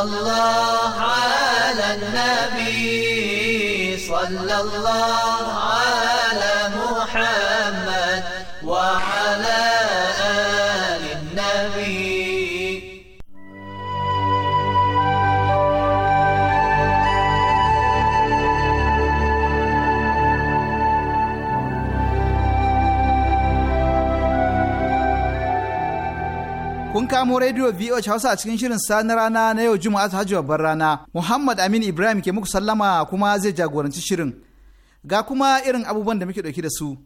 الله على النبي صلى الله kamo rediyo VOH Hausa a cikin shirin sani na rana na yau Juma'a ta hajji babbar rana. Muhammad Amin Ibrahim ke muku sallama kuma zai jagoranci shirin. Ga kuma irin abubuwan da muke dauke da su.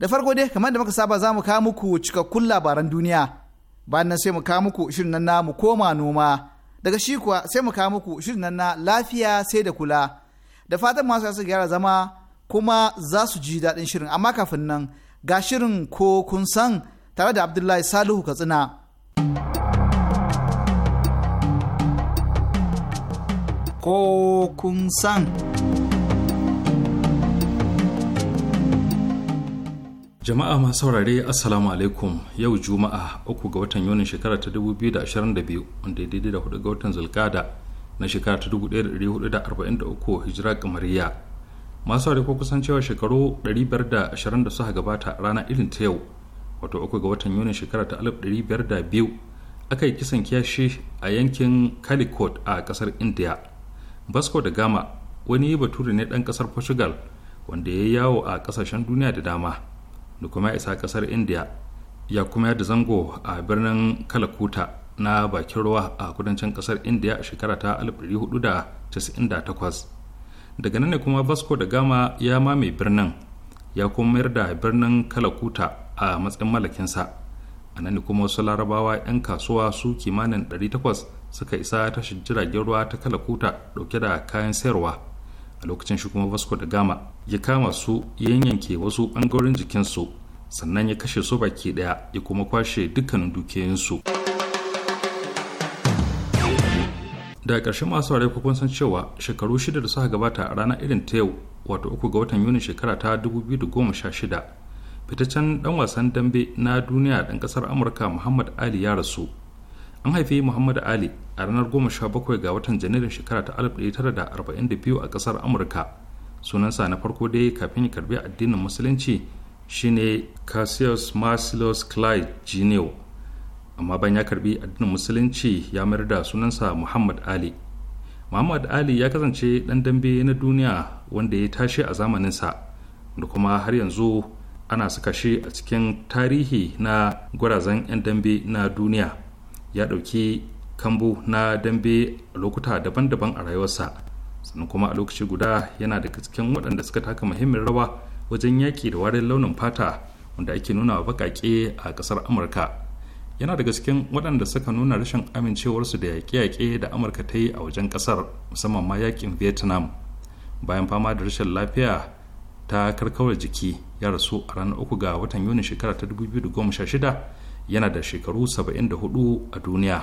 Da farko dai kamar da muka saba za mu kawo muku cikakkun labaran duniya. Bayan nan sai mu kawo muku shirin nan na mu koma noma. Daga shi kuwa sai mu kawo muku shirin nan na lafiya sai da kula. Da fatan masu su gyara zama kuma za su ji daɗin shirin amma kafin nan ga shirin ko kun san tare da Abdullahi Salihu Katsina. ko kun san. Jama'a masu saurare Assalamu alaikum yau Juma'a 3 ga watan Yunin shekara ta 2022 wanda ya daidai da hudu ga watan Zulkada na shekara ta 1443 hijira kamariya. Masu saurare ko kusan cewa shekaru 520 da suka gabata rana irin ta yau wato 3 ga watan Yunin shekara ta 1502 aka yi kisan kiyashi a yankin Calicut a kasar India. vasco da gama wani bature ne ɗan ƙasar portugal wanda ya yi yawo a ƙasashen duniya da dama da kuma isa ƙasar india ya kuma yada zango a birnin kalakuta na bakin ruwa a kudancin ƙasar india a shekara ta 1498 daga nan ne kuma vasco da gama ya mame birnin ya kuma mayar da birnin kalakuta a matsayin malakinsa a nan kuma wasu larabawa 'yan kasuwa su kimanin 800 suka isa tashin jiragen ruwa ta kalakuta dauke da kayan sayarwa a lokacin shi kuma vasco da gama ya kama su ya yanke wasu jikin jikinsu sannan ya kashe su baki daya ya kuma kwashe dukkanin dukiyoyinsu da ƙarshen masu ware kun san cewa shekaru shida da suka gabata a ranar irin ta yau wato uku ga watan yuni shekara ta 2016 fitaccen dan wasan dambe na duniya dan kasar amurka muhammad ali ya rasu an haifi muhammad ali a ranar 17 ga watan janairun shekara ta 1942 a kasar amurka sunansa na farko dai kafin ya karbi addinin musulunci shine cassius marcellus clyde jr amma ban ya karbi addinin musulunci ya mayar da sunansa muhammad ali muhammad ali ya kasance dan dambe na duniya wanda ya tashi a zamaninsa da kuma har yanzu ana saka shi a cikin tarihi na gwarazan 'yan dambe na duniya ya ɗauki kambu na dambe a lokuta daban-daban a rayuwarsa sannan kuma a lokaci guda yana daga cikin waɗanda suka taka muhimmin rawa wajen yaƙi da warin launin fata wanda ake nuna wa baƙaƙe a ƙasar amurka yana daga cikin waɗanda suka nuna rashin amincewarsu da yaƙe-yaƙe da amurka ta yi a wajen ƙasar musamman ma yaƙin vietnam bayan fama da rashin lafiya ta karkawar jiki ya rasu a ranar uku ga watan yuni shekara ta 2016 yana da shekaru 74 a duniya.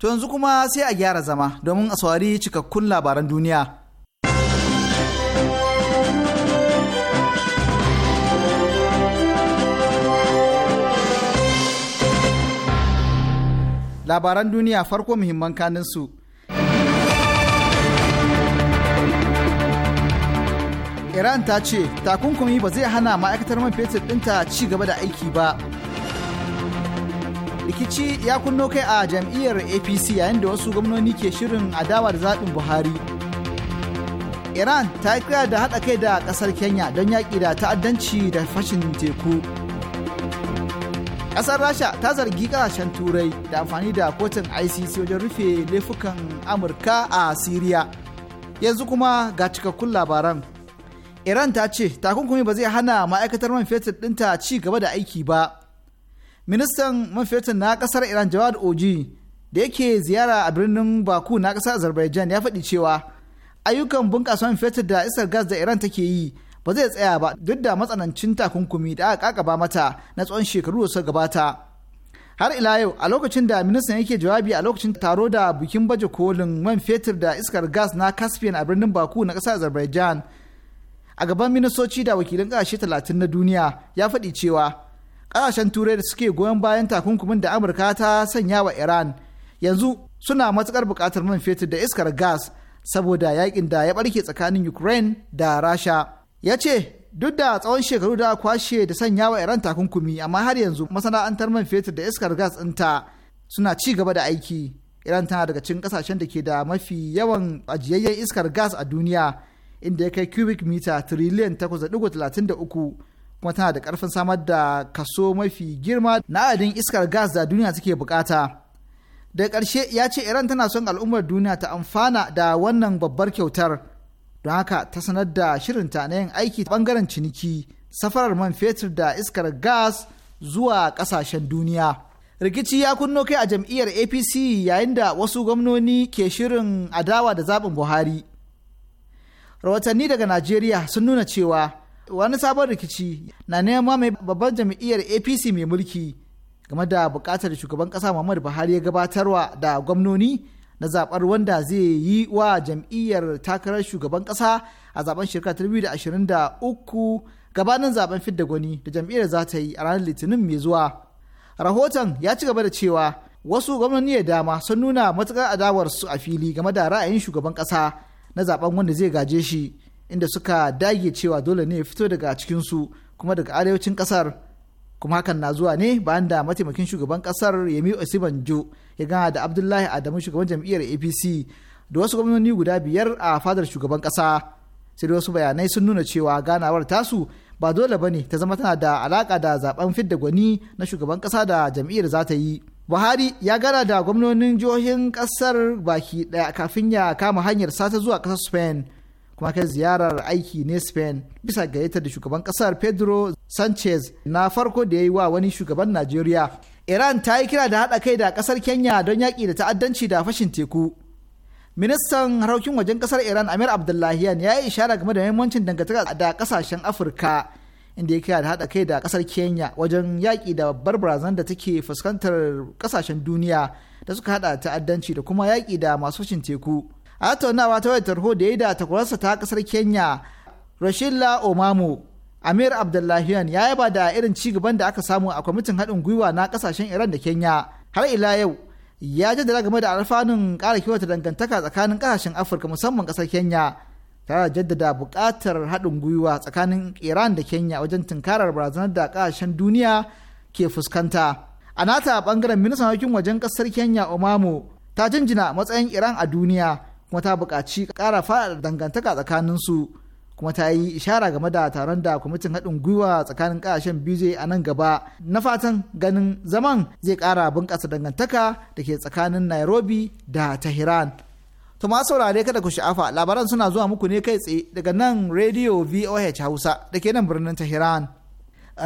To yanzu kuma sai a gyara zama domin a saurari cikakkun labaran duniya. Labaran duniya farko muhimman kaninsu. Iran ta ce takunkumi ba zai hana ma'aikatar man fetur ɗinta ci gaba da aiki ba. rikici ya kunno kai a jam'iyyar apc yayin da wasu gwamnoni ke shirin adawar zaɓin buhari iran ta yi kira da haɗa kai da ƙasar kenya don yaƙi da ta'addanci da fashin teku ƙasar rasha ta zargi ƙasashen turai da amfani da kotun icc wajen rufe laifukan amurka a siriya yanzu kuma ga cikakkun labaran iran ta ce takunkumi ba zai hana ma'aikatar man fetur ɗinta ci gaba da aiki ba ministan man fetur na kasar iran jawad oji da yake ziyara a birnin baku na kasar azerbaijan ya faɗi cewa ayyukan bunƙasa man fetur da isar gas da iran take yi ba zai tsaya ba duk da matsanancin takunkumi da aka kakaba mata na tsawon shekaru da suka gabata har ila yau a lokacin da ministan yake jawabi a lokacin taro da bikin baje kolin man fetur da iskar gas na caspian a birnin baku na kasar azerbaijan a gaban ministoci da wakilin ƙasashe talatin na duniya ya faɗi cewa kasashen turai da suke goyon bayan takunkumin da amurka ta sanya wa iran yanzu suna matukar bukatar man fetur da iskar gas saboda yakin da ya barke tsakanin ukraine da rasha ya ce duk da tsawon shekaru da kwashe da sanya wa iran takunkumi amma har yanzu masana'antar man fetur da iskar gas ɗinta suna ci gaba da aiki iran tana daga cikin kasashen da ke da mafi yawan ajiyayyen iskar gas a duniya inda ya kai cubic mita tiriliyan 8.33 kuma tana da karfin samar da kaso mafi girma na adadin iskar gas da duniya take bukata da ƙarshe ya ce iran tana son al'ummar duniya ta amfana da wannan babbar kyautar don haka ta sanar da shirinta na yin aiki ta bangaren ciniki safarar man fetur da iskar gas zuwa ƙasashen duniya rikici ya kunno kai a jam'iyyar apc yayin da wasu gwamnoni ke shirin adawa da zaɓin buhari rawatanni daga najeriya sun nuna cewa wani sabon rikici na neman mai babban jam'iyyar apc mai mulki game da bukatar shugaban kasa muhammadu buhari ya gabatarwa da gwamnoni na zabar wanda zai yi wa jam'iyyar takarar shugaban kasa a zaben shekara 2023 gabanin zaben fidda gwani da jam'iyyar za ta yi a ranar litinin mai zuwa rahoton ya ci gaba da cewa wasu gwamnoni da dama sun nuna matukar adawarsu a fili game da ra'ayin shugaban kasa na zaben wanda zai gaje shi inda suka dage cewa dole ne ya fito daga cikinsu kuma daga arewacin kasar kuma hakan na zuwa ne bayan da mataimakin shugaban kasar yemi osibanjo ya gana da abdullahi adamu shugaban jam'iyyar apc da wasu gwamnoni guda biyar a fadar shugaban kasa sai da wasu bayanai sun nuna cewa ganawar tasu ba dole ba ne ta zama tana da alaka da zaben fidda gwani na shugaban kasa da jam'iyyar za ta yi buhari ya gana da gwamnonin jihohin kasar baki daya kafin ya kama hanyar sata zuwa kasar spain kuma kai ziyarar aiki ne Spain bisa gayyatar da shugaban kasar Pedro Sanchez na farko da ya yi wa wani shugaban Najeriya. Iran ta yi kira da haɗa kai da kasar Kenya don yaƙi da ta'addanci da fashin teku. Ministan harkokin wajen kasar Iran Amir Abdullahian ya yi ishara game da muhimmancin dangantaka da kasashen Afirka inda ya kira da haɗa kai da kasar Kenya wajen yaƙi da babbar barazan da take fuskantar kasashen duniya da suka haɗa ta'addanci da kuma yaƙi da masu fashin teku. a tattaunawa ta wayar tarho da ya da takwarsa ta kasar kenya rashilla omamu amir abdullahian ya yaba da irin ci gaban da aka samu a kwamitin haɗin gwiwa na kasashen iran da kenya har ila yau ya jaddada game da alfanun ƙara kiwata dangantaka tsakanin ƙasashen afirka musamman ƙasar kenya tare da jaddada buƙatar haɗin gwiwa tsakanin iran da kenya wajen tunkarar barazanar da ƙasashen duniya ke fuskanta a nata ɓangaren ministan harkokin wajen ƙasar kenya omamu ta jinjina matsayin iran a duniya kuma ta buƙaci ƙara faɗa dangantaka tsakanin su kuma ta yi ishara game da taron da kwamitin haɗin gwiwa tsakanin ƙasashen biyu zai a nan gaba na fatan ganin zaman zai ƙara bunƙasa dangantaka da ke tsakanin nairobi da tehran to ma saurare kada ku sha'afa labaran suna zuwa muku ne kai tsaye daga nan radio voh hausa da ke nan birnin tehran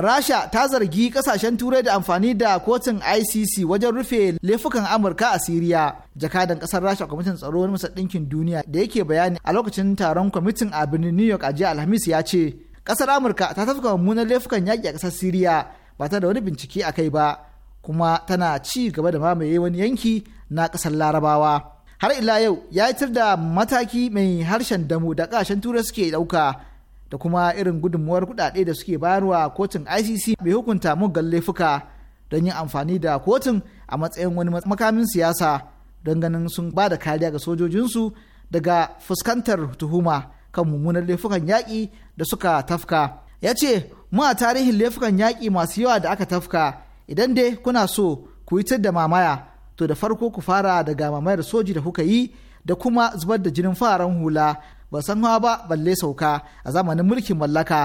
rasha ta zargi kasashen turai da amfani da kotun icc wajen rufe laifukan amurka a siriya jakadan kasar rasha kwamitin tsaro na masar ɗinkin duniya da yake bayani a lokacin taron kwamitin a birnin new york a jiya alhamis ya ce kasar amurka ta tafka mummunan laifukan yaƙi a kasar siriya ba ta da wani bincike a kai ba kuma tana ci gaba da mamaye wani yanki na kasar larabawa har ila yau ya yitar da mataki mai harshen damu da kasashen turai suke ɗauka da kuma irin gudunmuwar kudade da suke bayarwa kotun ICC bai hukunta muggan laifuka don yin amfani da kotun a matsayin wani makamin siyasa don ganin sun ba da kariya ga sojojinsu daga fuskantar tuhuma kan mummunar laifukan yaƙi da suka tafka. Ya ce, mu a tarihin laifukan yaƙi masu yawa da aka tafka, idan dai kuna so ku yi da mamaya, to da farko ku fara daga mamayar soji da kuka yi da kuma zubar da jinin fararen hula ba san hawa ba balle sauka a zamanin mulkin mallaka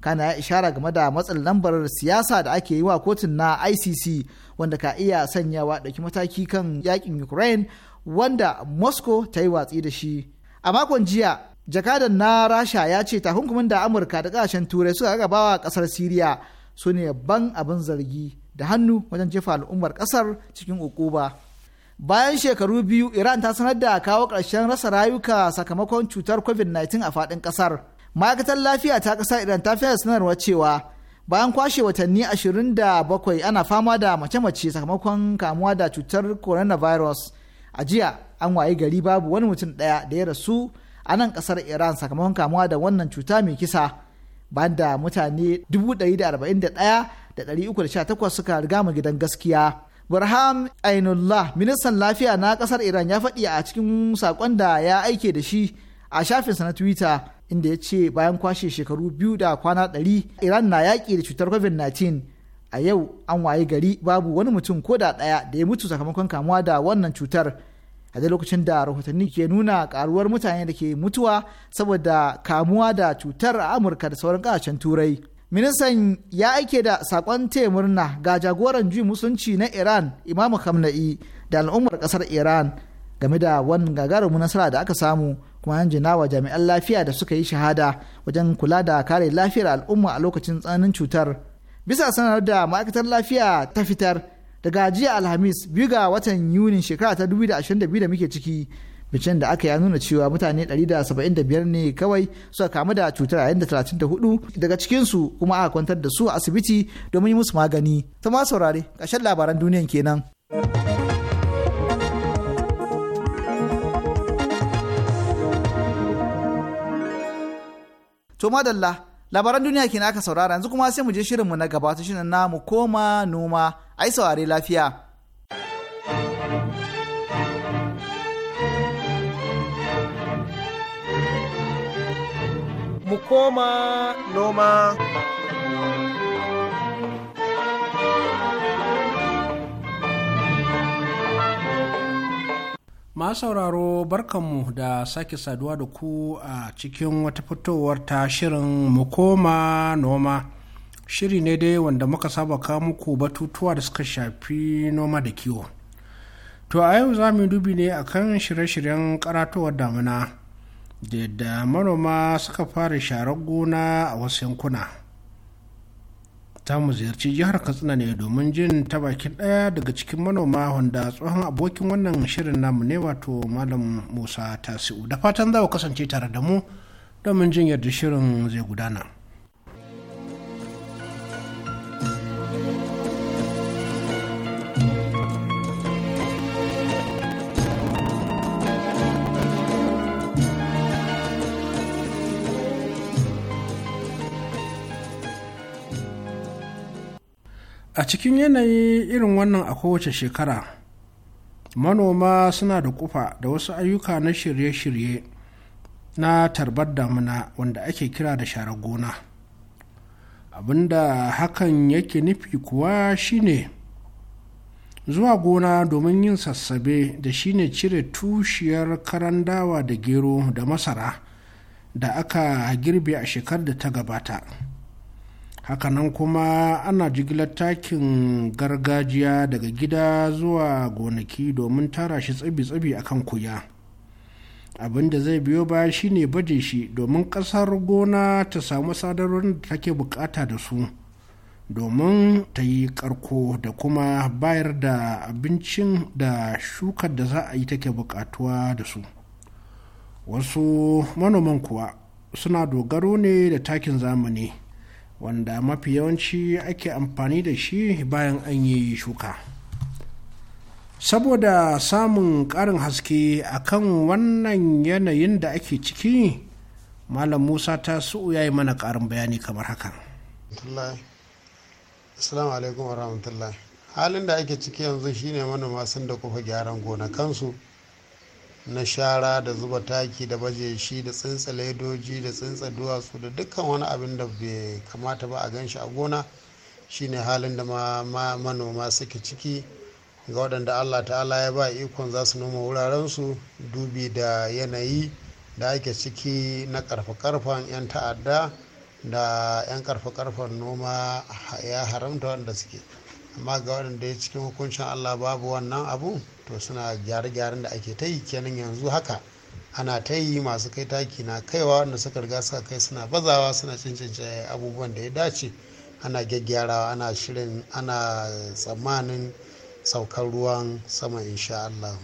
kana ya ishara game da matsin lambar siyasa da ake yi wa kotun na icc wanda ka iya sanyawa ɗauki mataki kan yakin ukraine wanda moscow ta yi watsi da shi a makon jiya jakadan na rasha ya ce takunkumin da amurka da kasashen turai suka gaba wa ƙasar siriya su ne ban abin zargi da hannu wajen jefa al'ummar ƙasar cikin ukuba. bayan shekaru biyu iran ta sanar da kawo ƙarshen rasa rayuka sakamakon cutar covid-19 a faɗin ƙasar ma'aikatar lafiya ta ƙasar iran ta fiye sanarwa cewa bayan kwashe watanni 27 ana fama da mace-mace sakamakon kamuwa da cutar coronavirus a jiya an waye gari babu wani mutum ɗaya da ya rasu a nan ƙasar iran sakamakon kamuwa da wannan cuta mai kisa bayan da mutane 141,318 suka riga mu gidan gaskiya Burham Ainullah ministan lafiya na kasar Iran ya faɗi a cikin sakon da ya aike da shi a shafinsa na Twitter inda ya ce bayan kwashe shekaru biyu da kwana ɗari Iran na yaƙi da cutar COVID-19 a yau an waye gari babu wani mutum ko da ɗaya da ya mutu sakamakon kamuwa da wannan cutar a da lokacin da rahotanni ke nuna karuwar mutane da ke mutuwa saboda kamuwa da cutar a Amurka da sauran ƙasashen Turai. ministan ya aike da sakon taya murna ga jagoran juyin musulunci na iran imamu kamna'i da al'ummar kasar iran game da wani gagarumin nasara da aka samu kuma an jina wa jami'an lafiya da suka yi shahada wajen kula da kare lafiyar al'umma a lokacin tsananin cutar bisa sanar da ma'aikatar lafiya ta fitar daga jiya alhamis biyu ga watan yunin shekara ta 2022 da muke ciki bincen da aka ya nuna cewa mutane 175 ne kawai suka kamu da cutar a yadda 34 daga cikinsu kuma aka kwantar da su a asibiti domin yi musu magani. Ta ma saurare, ƙarshen labaran duniyan kenan. To madalla, labaran duniya kenan aka saurara yanzu kuma sai mu je shirinmu na gaba ta shirin namu koma noma, ai saurare lafiya. mu koma noma. Ma sauraro barkanmu da sake saduwa da ku a cikin wata fitowar ta shirin mu koma noma. Shiri ne dai wanda muka saba ka muku batutuwa da suka shafi noma da kiwo. To a yau za mu dubi ne akan shirye-shiryen karatowar damina. da manoma suka fara sharar gona a wasu yankuna ta mu ziyarci jihar katsina ne domin jin ta bakin ɗaya daga cikin manoma wanda tsohon abokin wannan shirin namu ne wato malam musa tasiu da fatan za kasance tare da mu domin jin yadda shirin zai gudana. a cikin yanayi irin wannan a kowace shekara manoma suna da kufa da wasu ayyuka na shirye-shirye na tarbar damuna wanda ake kira da sharar gona abinda hakan yake nufi kuwa shine zuwa gona domin yin sassabe da shine cire tushiyar karan dawa da gero da masara da aka girbe a shekar da ta gabata hakanan kuma ana jigilar takin gargajiya daga gida zuwa gonaki domin tara shi tsibi-tsibi kan kuya abin da zai biyo baya shine baje shi domin kasar gona ta samu sadarwar da take bukata da su domin ta yi karko da kuma bayar da abincin da shukar da za a yi take bukatuwa da su wasu manoman kuwa suna dogaro ne da takin zamani wanda mafi yawanci ake amfani da shi bayan an yi shuka saboda samun ƙarin haske a kan wannan yanayin da ake ciki malam musa ta su ya yi mana ƙarin bayani kamar haka assalamu alaikum rahmatullahi halin da ake ciki yanzu shine manoma sun da kufa gyaran gonakansu kansu na shara da zuba taki da baje shi da tsintsa ledoji da tsintsa duwatsu da dukkan wani abin da bai kamata ba a gan shi a gona shine halin da manoma suke ciki ga waɗanda allah ta'ala ya ba ikon za su noma wurarensu dubi da yanayi da ake ciki na karfe-karfen 'yan ta'adda da 'yan karfe-karfen noma ya haramta wanda suke amma ga waɗanda ya cikin hukuncin allah babu wannan abu to suna gyare-gyaren da ake ta yi kenan yanzu haka ana ta yi masu kai taki na kaiwa wanda suka riga suka kai suna bazawa suna cincince abubuwan da ya dace ana gyaggyarawa ana shirin ana tsammanin saukar ruwan sama insha allah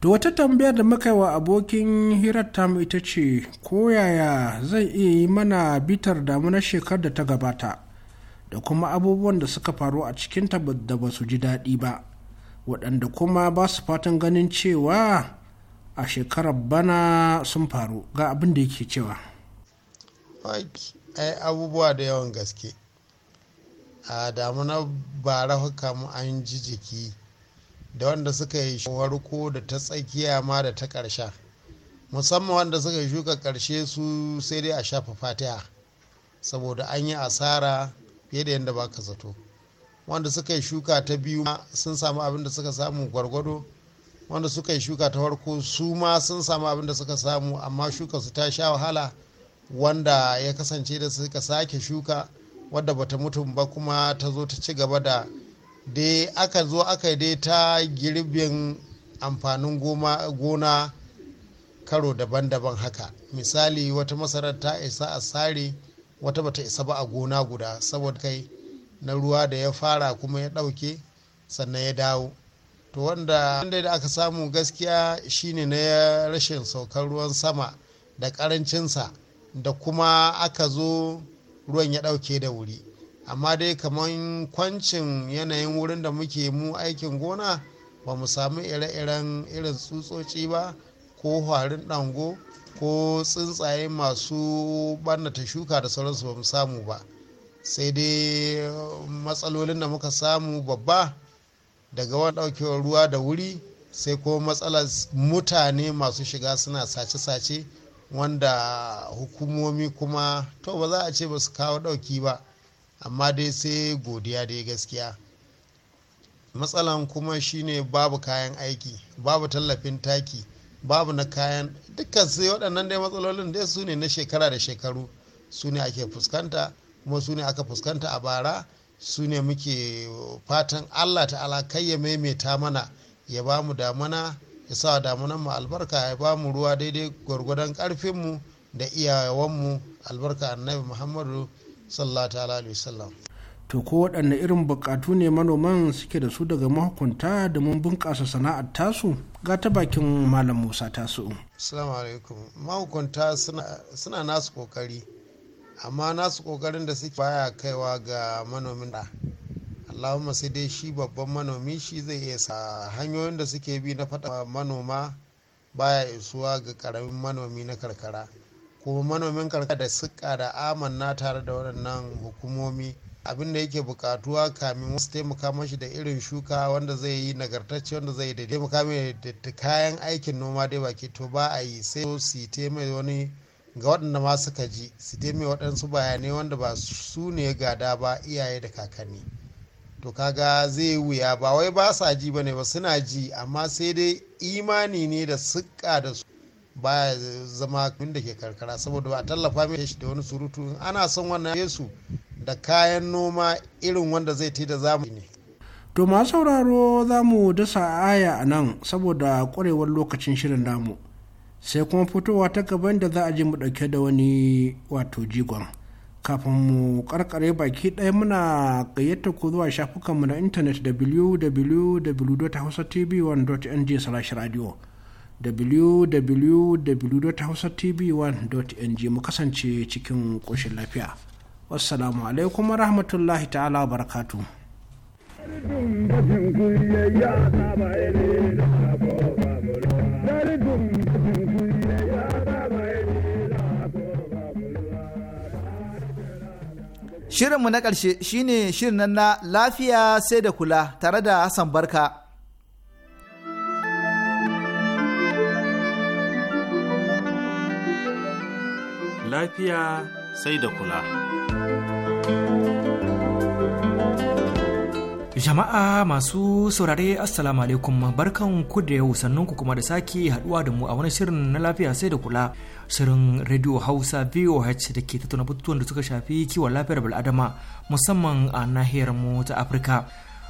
To wata tambayar da muka yi wa abokin hirar tamu ita ce, ko yaya zai iya yi mana bitar damunar shekar da ta gabata? da kuma abubuwan da suka faru a cikin da ba su ji daɗi ba waɗanda kuma ba su fatan ganin cewa a shekarar bana sun faru ga abin da yake cewa ai abubuwa da yawan gaske a damuna bara mu an ji jiki da wanda suka yi farko da ta tsakiya ma da ta ƙarsha musamman wanda suka shuka ƙarshe su sai dai a shafa fatiha saboda an yi asara fiye da yadda baka zato wanda suka yi shuka ta biyu sun samu abin da suka samu gwargwado wanda suka yi shuka ta farko su ma sun samu abin da suka samu amma shuka su ta sha wahala wanda ya kasance da suka sake shuka wadda bata mutu ba kuma ta zo ta ci gaba da dai aka zo aka dai ta girbin amfanin gona karo daban-daban haka misali wata masarar ta isa a sare wata bata isa ba a gona guda saboda kai na ruwa da ya fara kuma ya ɗauke sannan ya dawo to wanda da aka samu gaskiya shine na rashin saukar ruwan sama da karancinsa da kuma aka zo ruwan ya ɗauke da wuri amma dai kamar kwancin yanayin wurin da muke mu aikin gona ba mu samu ire-iren irin tsutsotsi ba ko harin ɗango ko tsuntsaye masu ɓannata shuka da sauransu ba mu samu ba sai dai matsalolin da muka samu babba daga wani daukewar ruwa da wuri sai ko matsalar mutane masu shiga suna sace-sace wanda hukumomi kuma to ba za a ce ba su kawo ɗauki ba amma dai sai godiya dai gaskiya matsalan kuma shine babu kayan aiki babu tallafin taki babu na kayan dukkan sai waɗannan dai matsalolin dai su ne na shekara da shekaru su ne ake fuskanta kuma su ne aka fuskanta a bara su ne muke fatan allah ta'ala kai ya maimaita mana ya ba mu damana ya sa damunan mu albarka ya ba mu ruwa daidai gwargwadon karfinmu da iyawanmu albarka annabi muhammadu sallallahu alaihi wasallam to ko waɗanne irin buƙatu ne manoman suke da su daga mahukunta domin bunƙasa sana'ar tasu ga ta bakin malam musa tasu assalamu alaikum mahukunta suna nasu kokari amma nasu kokarin da suke baya kaiwa ga manomin da allahumma sai dai shi babban manomi shi zai iya sa hanyoyin da suke bi na faɗa manoma baya isuwa ga ƙaramin manomi na karkara kuma manomin karkara da suka da amanna tare da waɗannan hukumomi abin da yake bukatuwa kamin wasu taimaka mashi da irin shuka wanda zai yi nagartacce wanda zai yi da taimaka mai da kayan aikin noma dai baki to ba a yi sai su taimai wani ga waɗanda ma suka ji su taimai waɗansu bayanai wanda ba su ne gada ba iyaye da kakanni to kaga zai wuya ba wai ba sa ji bane ba suna ji amma sai dai imani ne da suka da su ba ya zama da ke karkara saboda ba a tallafa mai shi da wani surutu ana son wannan yesu da kayan noma irin wanda zai ti da zamu ne to ma sauraro za mu dasa aya a nan saboda kwarewar lokacin shirin namu sai kuma fitowa ta gaban da za a ji mu ɗauke da wani wato jigon kafin mu karkare baki ɗaya muna gayyata ko zuwa shafukanmu na intanet www.hausatv1.ng/radio www.hausatv1.ng mu kasance cikin ƙoshin lafiya. Wassalamu alaikum wa rahmatullahi ta'ala wa barakatu. Shirinmu na ƙarshe shine shirin na lafiya sai da kula tare da Hassan Barka. lafiya sai da kula. Jama'a masu saurare Assalamu alaikum barkan ku da yau sannan ku kuma da sake haduwa da mu a wani shirin na lafiya sai da kula shirin Radio Hausa VOH da ke tattauna batutuwan da suka shafi kiwon lafiyar bil'adama musamman a nahiyar mu ta Afirka.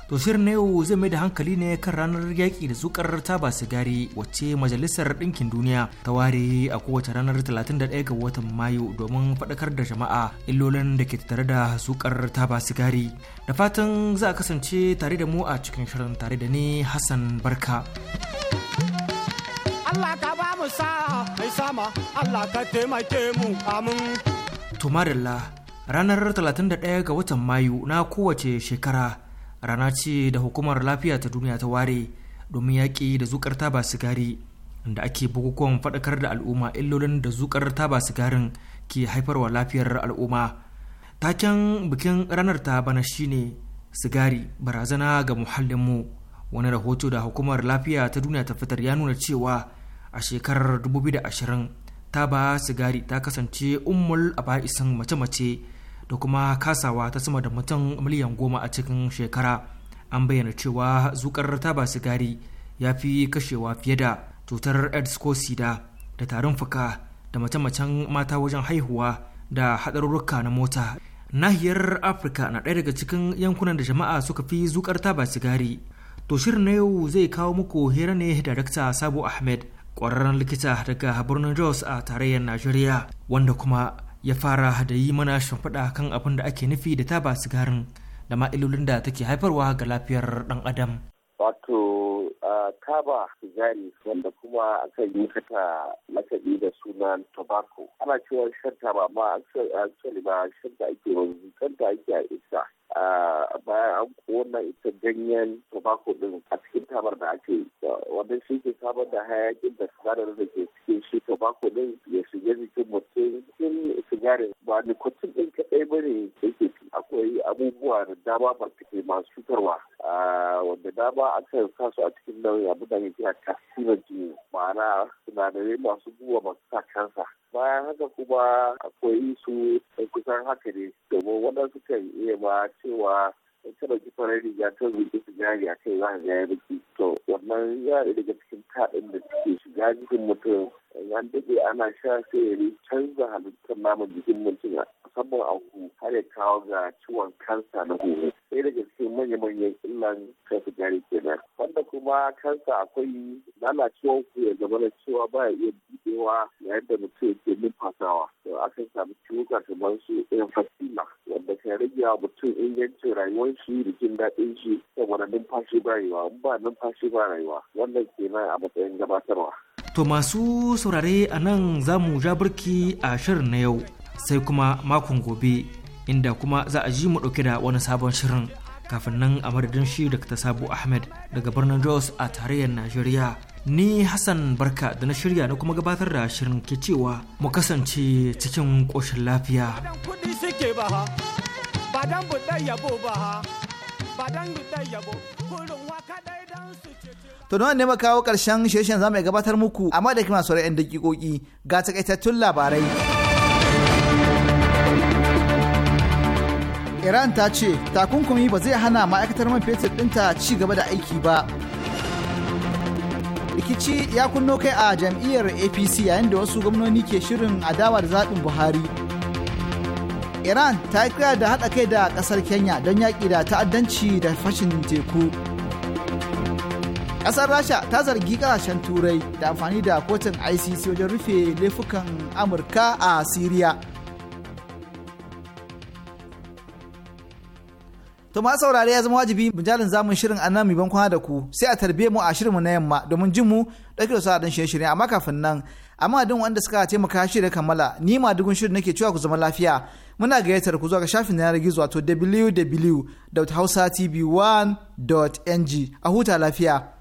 to shirin na yau zai mai da hankali ne kan ranar yaƙi da zukar taba sigari wacce majalisar ɗinkin duniya ta ware a kowace ranar 31 ga watan mayu domin faɗakar da jama'a illolin da ke tare da zukar taba sigari da fatan za a kasance tare da mu a cikin shirin tare da ni hassan barka Allah ka ba mu sa sama Allah ka taimake mu amin to ranar 31 ga watan mayu na kowace shekara rana ce da hukumar lafiya ta duniya ta ware domin yaƙi da zukar taba sigari inda ake bukukuwan faɗakar da al'umma illolin da zukar taba sigarin ke haifarwa lafiyar al'umma taken bikin ranar ta bana shine sigari barazana ga muhallinmu wani rahoto da hukumar lafiya ta duniya ta fitar ya nuna cewa a shekarar 2020 taba sigari ta kasance ummul aba'isan mace-mace da kuma kasawa ta sama da mutum miliyan goma a cikin shekara an bayyana cewa zukar taba sigari ya fi kashewa fiye da cutar aids sida da tarin fuka da mace-macen mata wajen haihuwa da haɗarurruka na mota nahiyar afirka na ɗaya daga cikin yankunan da jama'a suka fi zukar taba sigari to shirin na yau zai kawo muku hira ne darakta Sabu ahmed ƙwararren likita daga birnin jos a tarayyar najeriya wanda kuma ya fara da yi mana shimfiɗa kan abin da ake nufi da taba sigarin da ma da take haifarwa ga lafiyar ɗan adam. Wato taba sigari wanda kuma akan yi kata lakabi da sunan tobacco. Ana cewa shan taba ma actually ba shan da ake wanzu, shan da ake a isa. bayan an kona ita ganyen tobacco din a cikin tabar da ake wanda shi ke samar da hayakin da sinadarin da ke cikin shi tobacco din ya shige jikin mutum sigari ba nikotin ɗin kaɗai ba ne fi akwai abubuwa da dama barkatai masu cutarwa wanda dama akan sa su a cikin nauyi abin da ake na jini ma'ana sinadarai masu buwa masu sa kansa bayan haka kuma akwai su kusan haka ne domin waɗansu kan iya ma cewa in taɓa ki fara riga ta zuƙi sigari a kai za ka da ya to wannan ya daga cikin kaɗin da suke shiga jikin mutum an daɗe ana sha sai ya canza halittar naman jikin mutum musamman a huhu har ya kawo ga ciwon kansa na huhu sai daga cikin manya-manyan illan kan sigari kenan wanda kuma kansa akwai lalacewar ku ya zama da cewa ba ya iya buɗewa yayin da mutum yake numfasawa to akan samu ciwuka kamar su irin fasila wanda kan rage wa mutum ingancin rayuwar shi da jin daɗin shi saboda numfashi ba rayuwa ba numfashi ba rayuwa wannan kenan a matsayin gabatarwa To masu saurare a nan za mu ja birki a shirin na yau sai kuma makon gobe inda kuma za a ji mu ɗauke da wani sabon shirin kafin nan a madadin shi da ta sabu Ahmed daga birnin Jos a tarayyar Najeriya. Ni Hassan Barka da na shirya na kuma gabatar da shirin ke cewa mu kasance cikin ƙoshin lafiya. Ba dan yabo ba ha. to don ne kawo karshen sheshen mu gabatar muku amma da kima sauran yan dakikoki ga takaitattun labarai Iran ta ce takunkumi ba zai hana ma'aikatar man fetur ɗinta ci gaba da aiki ba. Rikici ya kunno kai a jam'iyyar APC yayin da wasu gwamnoni ke shirin adawa da zaɓin Buhari. iran ta yi kira da haɗa kai da ƙasar kenya don yaƙi da ta'addanci da fashin teku ƙasar rasha ta zargi ƙasashen turai da amfani da kotun icc wajen rufe laifukan amurka a siriya to ma saurare ya zama wajibi mijalin zamun shirin a nan ban kwana da ku sai a tarbe mu a shirinmu na yamma domin jin mu ɗauke da sa'adun shirye-shirye amma kafin nan amma din wanda suka taimaka shi da kammala ni ma dugun shirin nake cewa ku zama lafiya muna gayyatar ku zuwa ga shafin yanar gizo wato www.hausatv1.ng a huta lafiya.